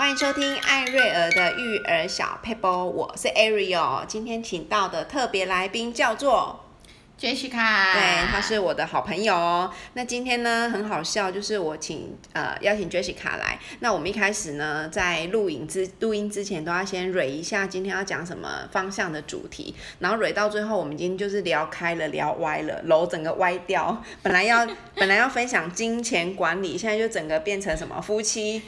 歡迎收聽艾瑞爾的育兒小 paper，我是 Ariel。今天請到的特別來賓叫做 Jessica，對，她是我的好朋友哦。那今天呢，很好笑，就是我請呃邀請 Jessica 來。那我們一開始呢，在錄影之錄音之前都要先瑞一下，今天要講什麼方向的主題。然後瑞到最後，我們今天就是聊開了，聊歪了，樓整個歪掉。本來要 本來要分享金錢管理，現在就整個變成什麼夫妻。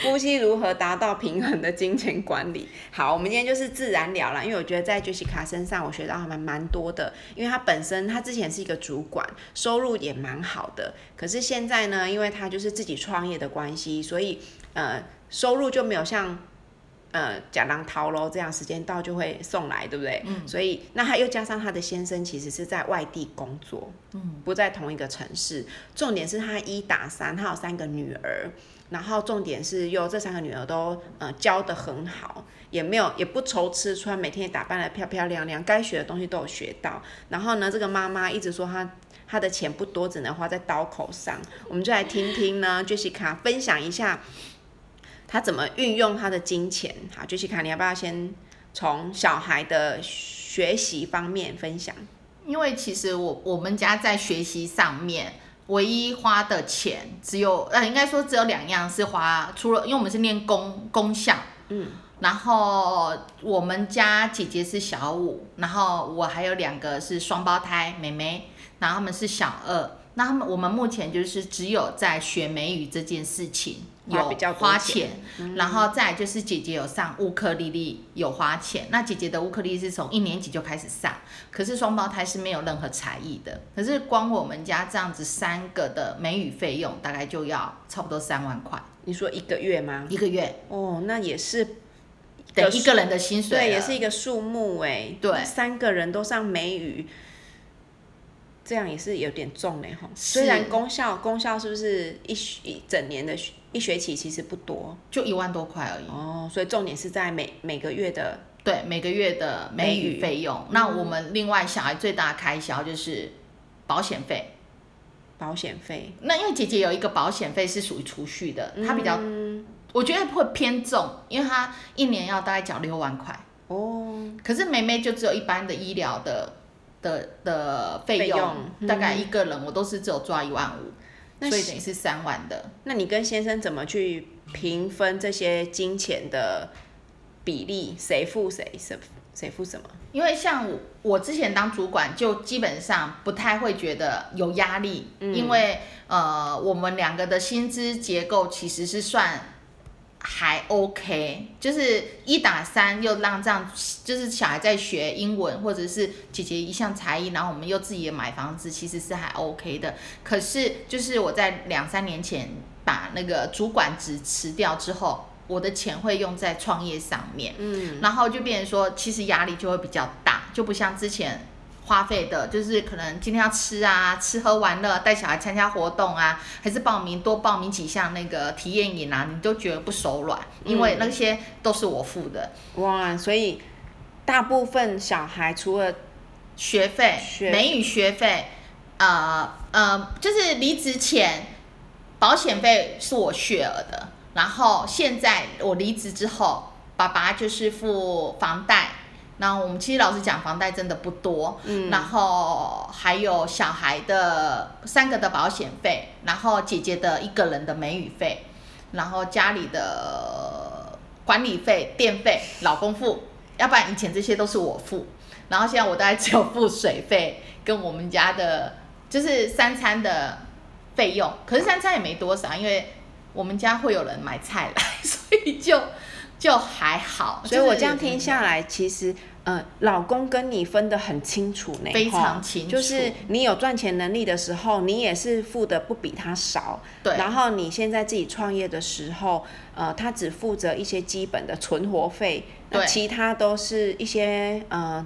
夫 妻如何達到平衡的金錢管理？好，我們今天就是自然聊了，因為我覺得在 Jessica 身上，我學到蠻蠻多的。因為他本身，他之前是一個主管，收入也蠻好的。可是現在呢，因為他就是自己創業的關係，所以呃，收入就沒有像呃賈郎濤嘍這樣，時間到就會送來，對不對？嗯。所以那他又加上他的先生，其實是在外地工作，嗯，不在同一個城市。重點是他一打三，他有三個女兒。然後重點是，又這三個女兒都，呃，教得很好，也沒有，也不愁吃穿，每天也打扮得漂漂亮亮，該學的東西都有學到。然後呢，這個媽媽一直說她她的錢不多，只能花在刀口上。我們就來聽聽呢 ，Jessica 分享一下她怎麼運用她的金錢。好，Jessica，你要不要先從小孩的學習方面分享？因為其實我我們家在學習上面。唯一花的錢只有，呃，應該說只有兩樣是花，除了因為我們是念公公校，嗯，然後我們家姐姐是小五，然後我還有兩個是雙胞胎妹妹，然後他們是小二，那我們目前就是只有在學美語這件事情。花比較有花錢，然後再就是姐姐有上烏克麗麗，有花錢。那姐姐的烏克麗麗是從一年級就開始上，可是雙胞胎是沒有任何才藝的。可是光我們家這樣子三個的美語費用，大概就要差不多三萬塊。你說一個月嗎？一個月。哦，那也是，得一個人的薪水。對，也是一個數目哎、欸。對，三個人都上美語。這樣也是有點重嘞、欸、哈，雖然功效功效是不是一一整年的學一學期其實不多，就一萬多塊而已哦，所以重點是在每每個月的對，每個月的美語費用。那我們另外小孩最大的開銷就是保險費，保險費。那因為姐姐有一個保險費是屬於儲蓄的，她比較、嗯、我覺得會偏重，因為她一年要大概繳六萬塊哦，可是妹妹就只有一般的醫療的。的的費用，用、嗯、大概一個人，我都是只有抓一萬五，所以等於是三萬的。那你跟先生怎麼去平分這些金錢的比例？誰付誰誰付什麼？因為像我之前當主管，就基本上不太會覺得有壓力、嗯，因為呃，我們兩個的薪資結構其實是算。還 OK，就是一打三又讓這樣，就是小孩在學英文，或者是姐姐一項才藝，然後我們又自己也買房子，其實是還 OK 的。可是就是我在兩三年前把那個主管職辭掉之後，我的錢會用在創業上面，嗯，然後就變成說，其實壓力就會比較大，就不像之前。花費的，就是可能今天要吃啊，吃喝玩樂，帶小孩參加活動啊，還是報名多報名幾項那個體驗營啊，你都覺得不手軟，因為那些都是我付的、嗯、哇。所以大部分小孩除了學費、美語學費，呃呃，就是離職前保險費是我全額的，然後現在我離職之後，爸爸就是付房貸。然後我們其實老實講，房貸真的不多。嗯。然後還有小孩的三個的保險費，然後姐姐的一個人的美語費，然後家裡的管理費、電費，老公付，要不然以前這些都是我付。然後現在我大概只有付水費跟我們家的，就是三餐的費用。可是三餐也沒多少，因為我們家會有人買菜來，所以就就還好。所以我這樣聽下來，其實。嗯、呃，老公跟你分得很清楚。非常清楚。就是你有賺錢能力的時候，你也是付得不比他少。對。然後你現在自己創業的時候，呃，他只負責一些基本的存活費，對。那其他都是一些呃，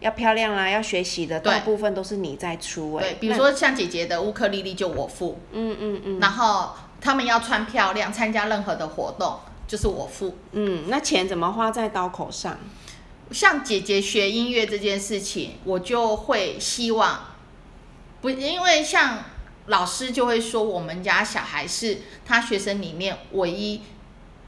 要漂亮啦，要學習的，大部分都是你在出、欸對。對，比如說像姐姐的烏克麗麗就我付，嗯嗯嗯。然後他們要穿漂亮，參加任何的活動就是我付。嗯，那錢怎麼花在刀口上？像姐姐學音樂這件事情，我就會希望，不，因為像老師就會說我們家小孩是他學生裡面唯一，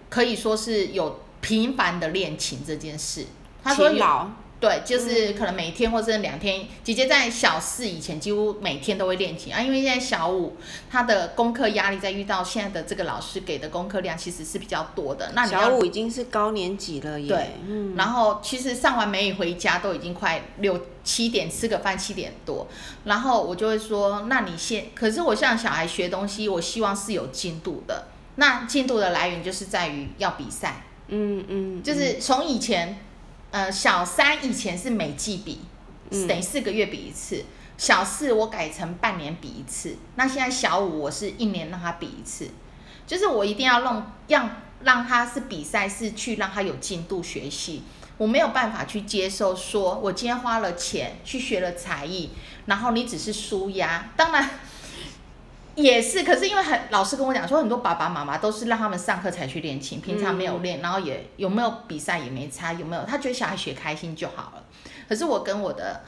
可以說是有頻繁的練琴這件事。他說老。對，就是可能每天或者兩天，嗯。姐姐在小四以前幾乎每天都會練琴啊，因為現在小五他的功課壓力，在遇到現在的這個老師給的功課量其實是比較多的。那小五已經是高年級了耶。對，嗯，然後其實上完美語回家都已經快六七點，吃個飯七點多，然後我就會說，那你先，可是我向小孩學東西，我希望是有進度的。那進度的來源就是在於要比賽，嗯嗯，嗯，就是從以前。呃，小三以前是每季比，等於四個月比一次，嗯。小四我改成半年比一次，那現在小五我是一年讓他比一次，就是我一定要讓讓讓他是比賽，是去讓他有進度學習。我沒有辦法去接受說，說我今天花了錢去學了才藝，然後你只是輸壓，當然。也是，可是因為很，老師跟我講說，很多爸爸媽媽都是讓他們上課才去練琴，平常沒有練，嗯嗯然後也有沒有比賽也沒差，有沒有？他覺得小孩學開心就好了。可是我跟我的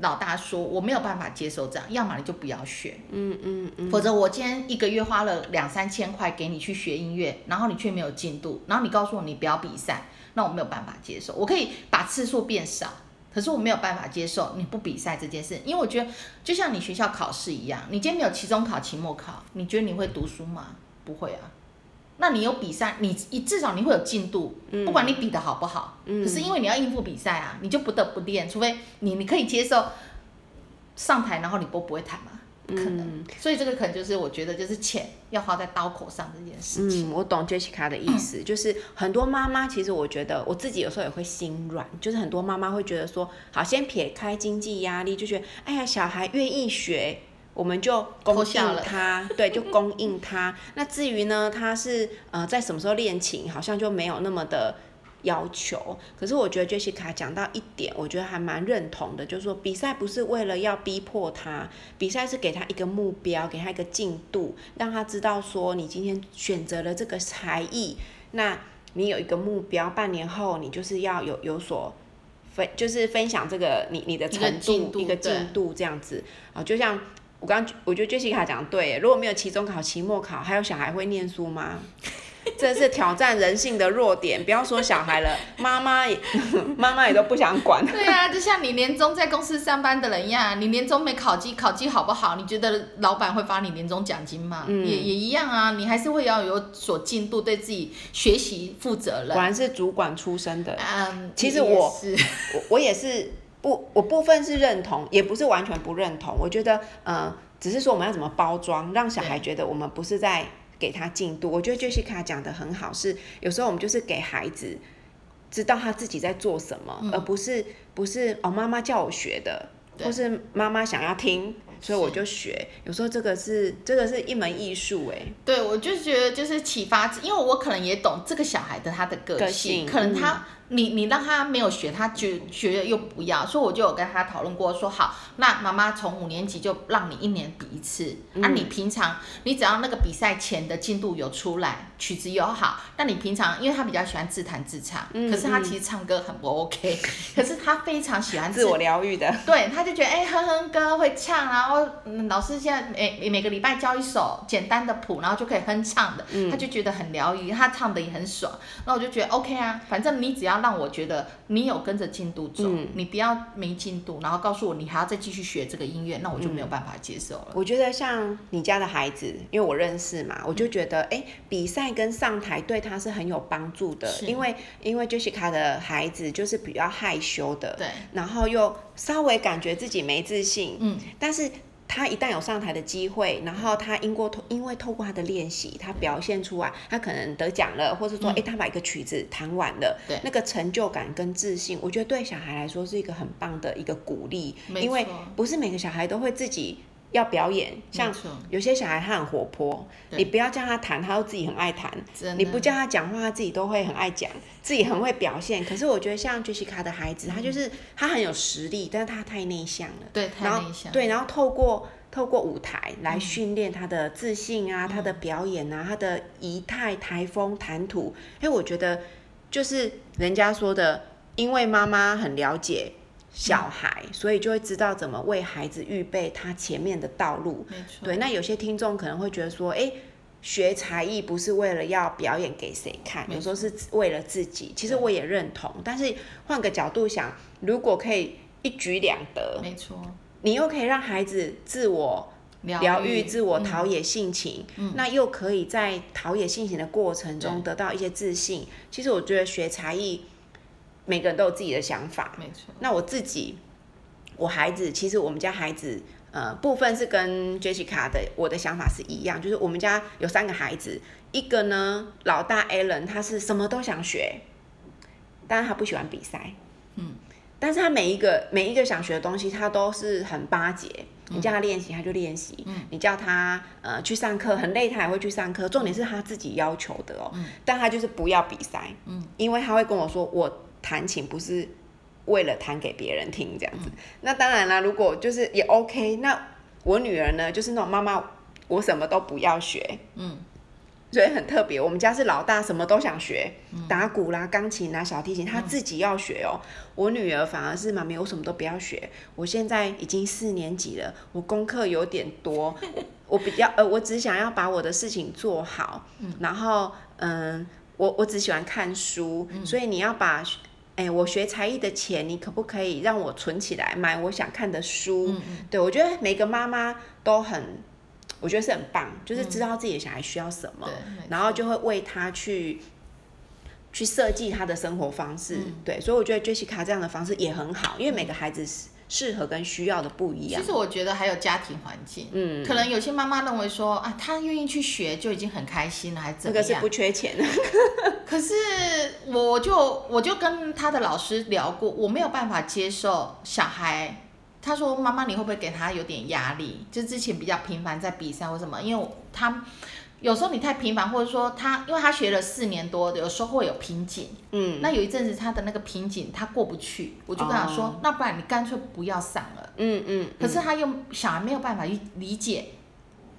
老大說，我沒有辦法接受這樣，要麼你就不要學，嗯嗯嗯，否則我今天一個月花了兩三千塊給你去學音樂，然後你卻沒有進度，然後你告訴我你不要比賽，那我沒有辦法接受，我可以把次數變少。可是我沒有辦法接受你不比賽這件事，因為我覺得就像你學校考試一樣，你今天沒有期中考、期末考，你覺得你會讀書嗎？不會啊。那你有比賽，你你至少你會有進度，不管你比的好不好。嗯，可是因為你要應付比賽啊，你就不得不練，除非你你可以接受上台，然後你不會不會彈嘛。可能，嗯，所以這個可能就是我覺得就是錢要花在刀口上這件事情。嗯，我懂 Jessica 的意思，嗯、就是很多媽媽其實我覺得我自己有時候也會心軟，就是很多媽媽會覺得說，好，先撇開經濟壓力，就覺得哎呀，小孩願意學，我們就供應他，對，就供應他。 那至於呢，他是呃在什麼時候練琴，好像就沒有那麼的。要求，可是我覺得潔西卡講到一點，我覺得還蠻認同的，就是說比賽不是為了要逼迫他，比賽是給他一個目標，給他一個進度，讓他知道說你今天選擇了這個才藝，那你有一個目標，半年後你就是要有有所分，就是分享這個你你的程度一個進度,一個進度這樣子啊，就像我剛我覺得潔西卡講對，如果沒有期中考、期末考，還有小孩會念書嗎？這是挑戰人性的弱點，不要說小孩了，媽媽也，媽媽也都不想管。 對啊，就像你年終在公司上班的人一樣，你年終沒考績，考績好不好？你覺得老闆會發你年終獎金嗎？嗯、也也一樣啊，你還是會要有所進度，對自己學習負責任。果然是主管出身的，嗯，其實我是我我也是我部分是認同，也不是完全不認同。我覺得，嗯、呃，只是說我們要怎麼包裝，讓小孩覺得我們不是在。給他進度，我覺得 Jessica 講的很好，是有時候我們就是給孩子知道他自己在做什麼，嗯、而不是不是哦，媽媽叫我學的，或是媽媽想要聽，所以我就學。有時候這個是這個是一門藝術，哎，對，我就覺得就是啟發，因為我可能也懂這個小孩的他的個性，個性，可能他。嗯你你讓他沒有學，他就學了又不要，所以我就有跟他討論過，說好，那媽媽從五年級就讓你一年比一次、嗯、啊。你平常你只要那個比賽前的進度有出來，曲子又好，那你平常因為他比較喜歡自彈自唱、嗯，可是他其實唱歌很不 OK、嗯、可是他非常喜歡自，自我療癒的。對，他就覺得哎、欸、哼哼歌會唱，然後、嗯、老師現在每每個禮拜教一首簡單的譜，然後就可以哼唱的、嗯，他就覺得很療癒，他唱的也很爽。那我就覺得 OK 啊，反正你只要。讓我覺得你有跟着進度走，嗯，你不要沒進度，然後告訴我你還要再繼續學這個音樂，那我就沒有辦法接受了。我覺得像你家的孩子，因為我認識嘛，嗯，我就覺得誒，比賽跟上台對他是很有幫助的，因為因為 Jessica 的孩子就是比較害羞的，對，然後又稍微感覺自己沒自信，嗯，但是。他一旦有上台的機會，然後他因過透，因為透過他的練習，他表現出來，他可能得獎了，或是說，哎、嗯，他把一個曲子彈完了，對，那個成就感跟自信，我覺得對小孩來說是一個很棒的一個鼓勵，因為不是每個小孩都會自己。要表演，像有些小孩他很活潑，你不要叫他彈，他都自己很愛彈；你不叫他講話，他自己都會很愛講、嗯，自己很會表現。可是我覺得像潔西卡的孩子，嗯、他就是他很有實力，但是他太內向了。對，然後太內向了。對，然後透過透過舞台來訓練他的自信啊、嗯，他的表演啊，他的儀態、台風、談吐。哎，我覺得就是人家說的，因為媽媽很了解。嗯、小孩，所以就會知道怎麼為孩子預備他前面的道路。沒錯。對，那有些聽眾可能會覺得說，誒、欸，學才藝不是為了要表演給誰看，有時候是為了自己。其實我也認同，但是換個角度想，如果可以一舉兩得，沒錯，你又可以讓孩子自我療癒、自我陶冶性情、嗯，那又可以在陶冶性情的過程中得到一些自信。其實我覺得學才藝。每個人都有自己的想法，沒錯。那我自己，我孩子，其實我們家孩子，呃，部分是跟 Jessica 的我的想法是一樣，就是我們家有三個孩子，一個呢老大 Alan 他是什麼都想學，但是他不喜歡比賽，嗯，但是他每一個每一個想學的東西，他都是很巴結，你叫他練習他就練習，嗯，你叫他呃去上課很累他也會去上課，重點是他自己要求的哦，嗯，但他就是不要比賽，嗯，因為他會跟我說我。彈琴不是為了彈給別人聽這樣子、嗯，那當然啦。如果就是也 OK。那我女兒呢，就是那種媽媽，我什麼都不要學，嗯，所以很特別。我們家是老大，什麼都想學，打鼓啦、鋼琴啦、小提琴，她自己要學哦、喔嗯。我女兒反而是媽咪，我什麼都不要學。我現在已經四年級了，我功課有點多， 我比較呃，我只想要把我的事情做好。嗯、然後嗯，我我只喜歡看書，嗯、所以你要把。哎、欸，我學才藝的錢，你可不可以讓我存起來買我想看的書？嗯、對，我覺得每個媽媽都很，我覺得是很棒，就是知道自己的小孩需要什麼，嗯、然後就會為他去，去設計他的生活方式，嗯。對，所以我覺得 Jessica 這樣的方式也很好，因為每個孩子是。嗯適合跟需要的不一樣。其實我覺得還有家庭環境，嗯，可能有些媽媽認為說啊，他願意去學就已經很開心了，還是怎麼樣？那個、是不缺錢。 可是我就我就跟他的老師聊過，我沒有辦法接受小孩。他說：“媽媽，你會不會給他有點壓力？就之前比較頻繁在比賽或什麼，因為他。”有時候你太頻繁，或者說他，因為他學了四年多，有時候會有瓶頸。嗯。那有一陣子他的那個瓶頸他過不去，我就跟他說，哦、那不然你乾脆不要上了。嗯嗯，嗯。可是他又想沒有辦法去理解，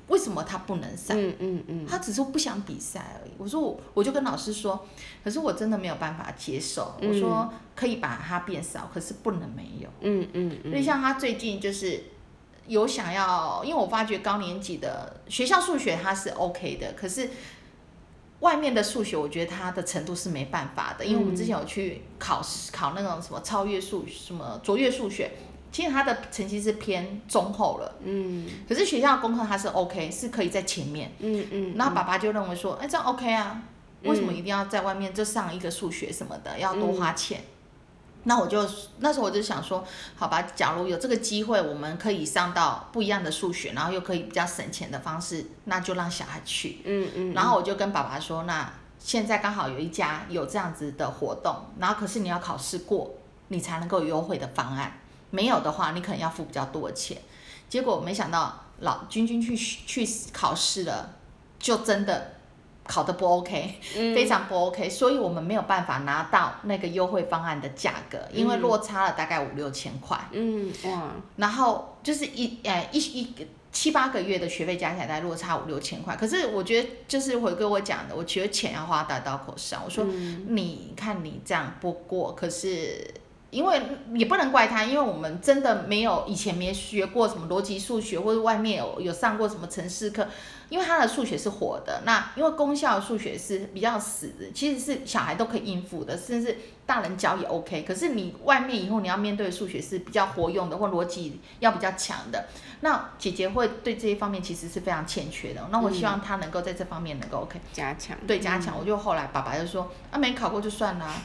為什麼他不能上？嗯嗯嗯。他只是不想比賽而已。我說我我就跟老師說，可是我真的沒有辦法接受。嗯、我說可以把它變少，可是不能沒有。嗯嗯，因為、嗯、像他最近就是。有想要，因為我發覺高年級的學校數學它是 OK 的，可是外面的數學，我覺得它的程度是沒辦法的。因為我們之前有去考試，考那種什麼超越數、什麼卓越數學，其實他的成績是偏中後了。嗯。可是學校功課它是 OK，是可以在前面。嗯嗯，嗯。然後爸爸就認為說，哎，這樣 OK 啊？為什麼一定要在外面就上一個數學什麼的，要多花錢？嗯。那我就那時候我就想說，好吧，假如有這個機會，我們可以上到不一樣的數學，然後又可以比較省錢的方式，那就讓小孩去。嗯嗯，嗯。然後我就跟爸爸說，那現在剛好有一家有這樣子的活動，然後可是你要考試過，你才能夠優惠的方案，沒有的話，你可能要付比較多錢。結果沒想到老君君去去考試了，就真的。考得不 OK，非常不 OK，嗯，所以我們沒有辦法拿到那個優惠方案的價格，因為落差了大概五六千塊。嗯，嗯，哇，然後就是一、哎、一一，一，一七八個月的學費加起來大概落差五六千塊，可是我覺得就是回歸我講的，我覺得錢要花在刀口上。我說你看你這樣不過，可是。因為也不能怪他，因為我們真的沒有以前沒學過什麼邏輯數學，或者外面有有上過什麼程式課。因為他的數學是活的，那因為公校的數學是比較死的，其實是小孩都可以應付的，甚至大人教也 OK。可是你外面以後你要面對的數學是比較活用的，或邏輯要比較強的。那姐姐會對這一方面其實是非常欠缺的。那我希望她能夠在這方面能夠 OK、嗯、加強，對加強、嗯。我就後來爸爸就說，啊，沒考過就算啦、啊。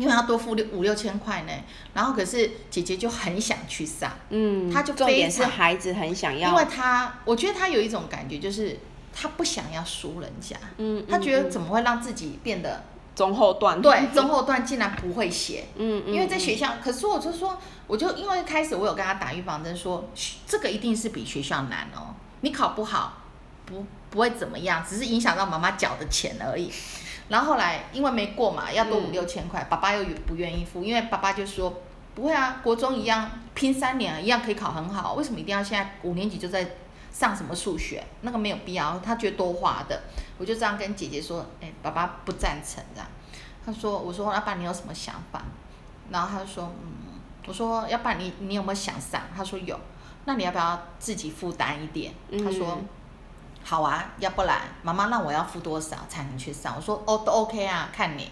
因為他多付六五六千塊呢，然後可是姐姐就很想去上，嗯，她就非常重點是孩子很想要，因為她我覺得她有一種感覺，就是她不想要輸人家，嗯，她、嗯嗯、覺得怎麼會讓自己變得中後段，對， 中後段竟然不會寫，嗯，因為在學校，可是我就說，我就因為一開始我有跟他打預防針說，說這個一定是比學校難哦，你考不好不不會怎麼樣，只是影響到媽媽繳的錢而已。 然後後來因為沒過嘛，要多五六千塊，嗯、爸爸又也不願意付，因為爸爸就說不會啊，國中一樣拼三年啊，一樣可以考很好，為什麼一定要現在五年級就在上什麼數學？那個沒有必要，他覺得多花的，我就這樣跟姐姐說，哎，爸爸不贊成這樣。他說，我說，爸爸你有什麼想法？然後他就說，嗯，我說，爸爸你你有沒有想上？他說有，那你要不要自己負擔一點？他、嗯、說。好啊，要不然媽媽，那我要付多少才能去上？我說哦都 OK 啊，看你。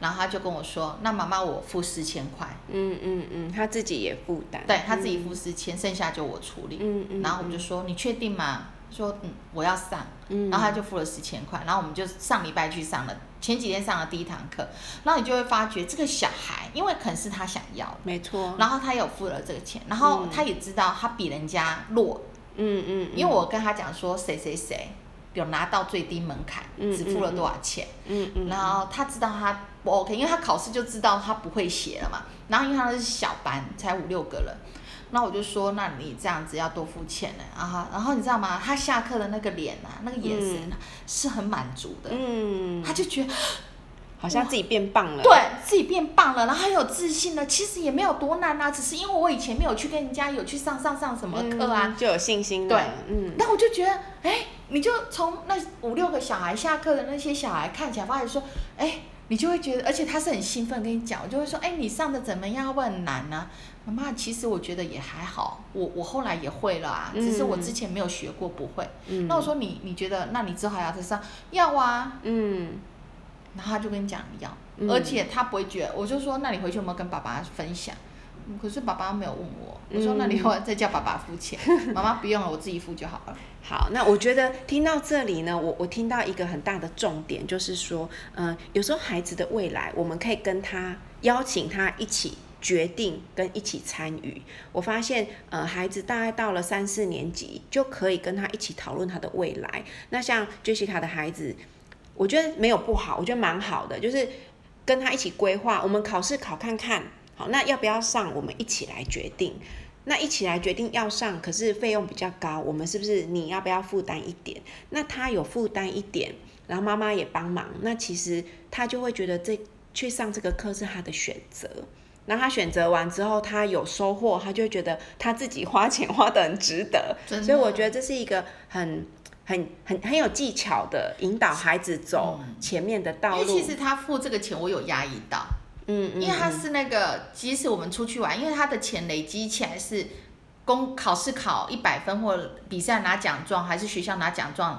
然後他就跟我說，那媽媽我付四千塊。嗯嗯嗯，他自己也負擔。對，他自己付四千，嗯，剩下就我處理。嗯。嗯嗯，然後我們就說，你確定嗎？說嗯我要上。嗯。然後他就付了四千塊，然後我們就上禮拜去上了，前幾天上了第一堂課，然後你就會發覺這個小孩，因為可能是他想要的，沒錯。然後他有付了這個錢，然後他也知道他比人家弱。嗯嗯，嗯，因為我跟他講說誰誰誰比如拿到最低門檻、嗯，只付了多少錢、嗯嗯，然後他知道他不 OK，因為他考試就知道他不會寫了嘛。然後因為他是小班，才五六個人，那我就說那你這樣子要多付錢呢啊？然後你知道嗎？他下課的那個臉啊，那個眼神、啊嗯、是很滿足的、嗯，他就覺得。好像自己變棒了，對自己變棒了，然後很有自信了。其實也沒有多難啊，只是因為我以前沒有去跟人家有去上上上什麼課啊、嗯，就有信心。對，嗯。那我就覺得，哎、欸，你就從那五六個小孩下課的那些小孩看起來，發現說，哎、欸，你就會覺得，而且他是很興奮跟你講，我就會說，哎、欸，你上得怎麼樣？會，會很難呢、啊？媽媽，其實我覺得也還好。我我後來也會了啊，只是我之前沒有學過，不會、嗯。那我說你你覺得，那你之後還要再上？要啊，嗯。然後他就跟你講一樣、嗯，而且他不會覺得。我就說，那你回去有沒有跟爸爸分享？可是爸爸沒有問我。我說，那你以後再叫爸爸付錢。嗯、 媽媽不用了，我自己付就好了。好，那我覺得聽到這裡呢，我我聽到一個很大的重點，就是說，嗯、呃，有時候孩子的未來，我們可以跟他邀請他一起決定，跟一起參與。我發現，呃，孩子大概到了三四年級，就可以跟他一起討論他的未來。那像 Jessica 的孩子。我覺得沒有不好，我覺得蠻好的，就是跟他一起規劃，我們考試考看看，好，那要不要上，我們一起來決定。那一起來決定要上，可是費用比較高，我們是不是你要不要負擔一點？那他有負擔一點，然後媽媽也幫忙，那其實他就會覺得這去上這個課是他的選擇。那他選擇完之後，他有收穫，他就會覺得他自己花錢花得很值得。所以我覺得這是一個很。很很很有技巧的引導孩子走前面的道路。嗯、其實他付這個錢，我有壓抑到。嗯嗯。因為他是那個，即使我們出去玩，因為他的錢累積起來是，公考試考一百分，或比賽拿獎狀，還是學校拿獎狀。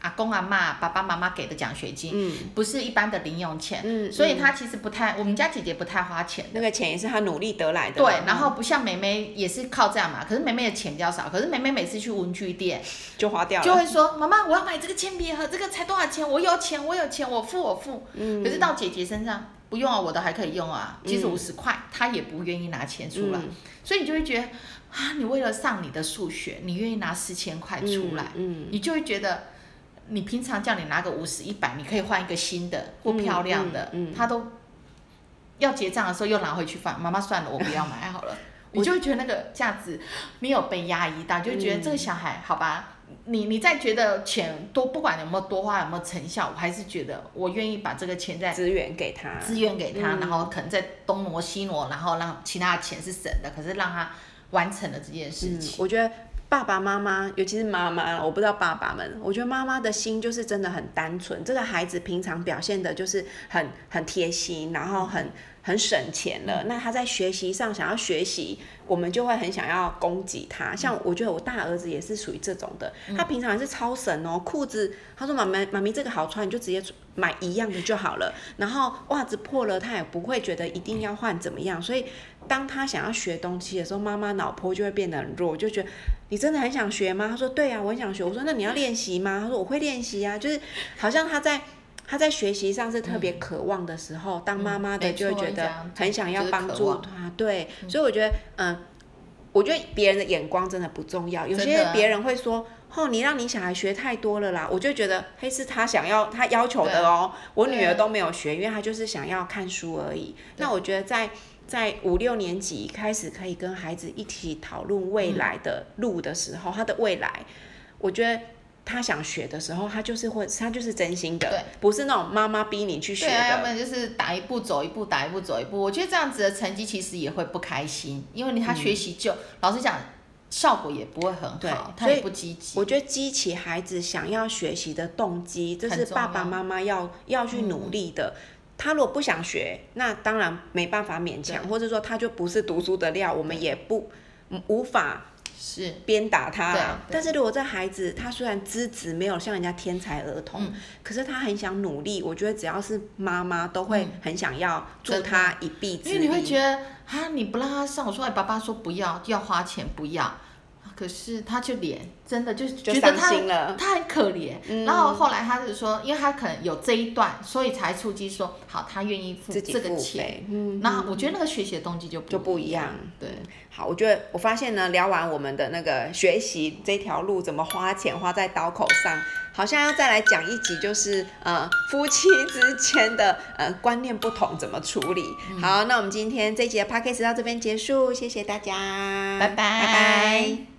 阿公阿媽，爸爸媽媽給的獎學金、嗯，不是一般的零用錢，嗯、所以她其實不太、嗯，我們家姐姐不太花錢，那個錢也是她努力得來的。對，然後不像妹妹也是靠這樣嘛，可是妹妹的錢比較少，可是妹妹每次去文具店就花掉了，就會說媽媽我要買這個鉛筆盒，這個才多少錢？我有錢，我有錢，我付我付、嗯。可是到姐姐身上不用啊，我的還可以用啊，其實五十塊她也不願意拿錢出來、嗯，所以你就會覺得啊，你為了上你的數學，你願意拿四千塊出來、嗯，你就會覺得。你平常叫你拿個五十一百，你可以換一個新的、嗯、或漂亮的，嗯嗯、他都要結賬的時候又拿回去放。 媽媽算了，我不要買，好了。我就覺得那個價值沒有被壓抑到，就覺得這個小孩、嗯、好吧。你你再覺得錢多、嗯，不管有沒有多花，有沒有成效，我還是覺得我願意把這個錢再支援給他，支援給他、嗯，然後可能再東挪西挪，然後讓其他的錢是省的，可是讓他完成了這件事情。嗯、我覺得。爸爸媽媽，尤其是媽媽，我不知道爸爸們。我覺得媽媽的心就是真的很單純。這個孩子平常表現的就是很很貼心，然後很。很省錢了，嗯、那他在學習上想要學習，我們就會很想要供給他。像我覺得我大兒子也是屬於這種的，嗯、他平常還是超省哦，褲子他說，媽媽媽咪，這個好穿，你就直接買一樣的就好了。然後襪子破了，他也不會覺得一定要換怎麼樣。所以當他想要學東西的時候，媽媽腦波就會變得很弱，就覺得你真的很想學嗎？他說，對啊，我很想學。我說，那你要練習嗎？他說我會練習啊，就是好像他在。他在學習上是特別渴望的時候，嗯，當媽媽的就會覺得很想要幫助他。嗯嗯、對、就是對嗯，所以我覺得，嗯、呃，我覺得別人的眼光真的不重要。有些別人會說：“啊、哦，你讓你小孩學太多了啦。”我就覺得，嘿，是他想要，他要求的哦。我女兒都沒有學，因為她就是想要看書而已。那我覺得在，在在五六年級開始可以跟孩子一起討論未來的、嗯、路的時候，他的未來，我覺得。他想學的時候，他就是會，他就是真心的，不是那種媽媽逼你去學根本。對啊，就是打一步走一步，打一步走一步。我覺得這樣子的成績其實也會不開心，因為他學習就、嗯、老實講，效果也不會很好，對，他也不積極。我覺得激起孩子想要學習的動機，就是爸爸媽媽要要去努力的。他如果不想學，那當然沒辦法勉強，或者說他就不是讀書的料，我們也不無法。是鞭打他，對對，但是如果這孩子他雖然資質沒有像人家天才兒童、嗯，可是他很想努力，我覺得只要是媽媽都會很想要助他一臂之力。嗯、因為你會覺得，啊，你不讓他上，我說，哎，爸爸說不要，要花錢不要。可是他就臉真的就覺得他他很可憐，嗯，然後後來他就說，因為他可能有這一段，所以才出擊說好，他願意付這個錢。嗯，那、嗯、我覺得那個學習的動機就不就不一樣。對，好，我覺得我發現呢，聊完我們的那個學習這條路怎麼花錢花在刀口上，好像要再來講一集，就是呃夫妻之間的呃觀念不同怎麼處理。好，嗯、那我們今天這一集的 podcast 到這邊結束，謝謝大家，拜拜拜，拜。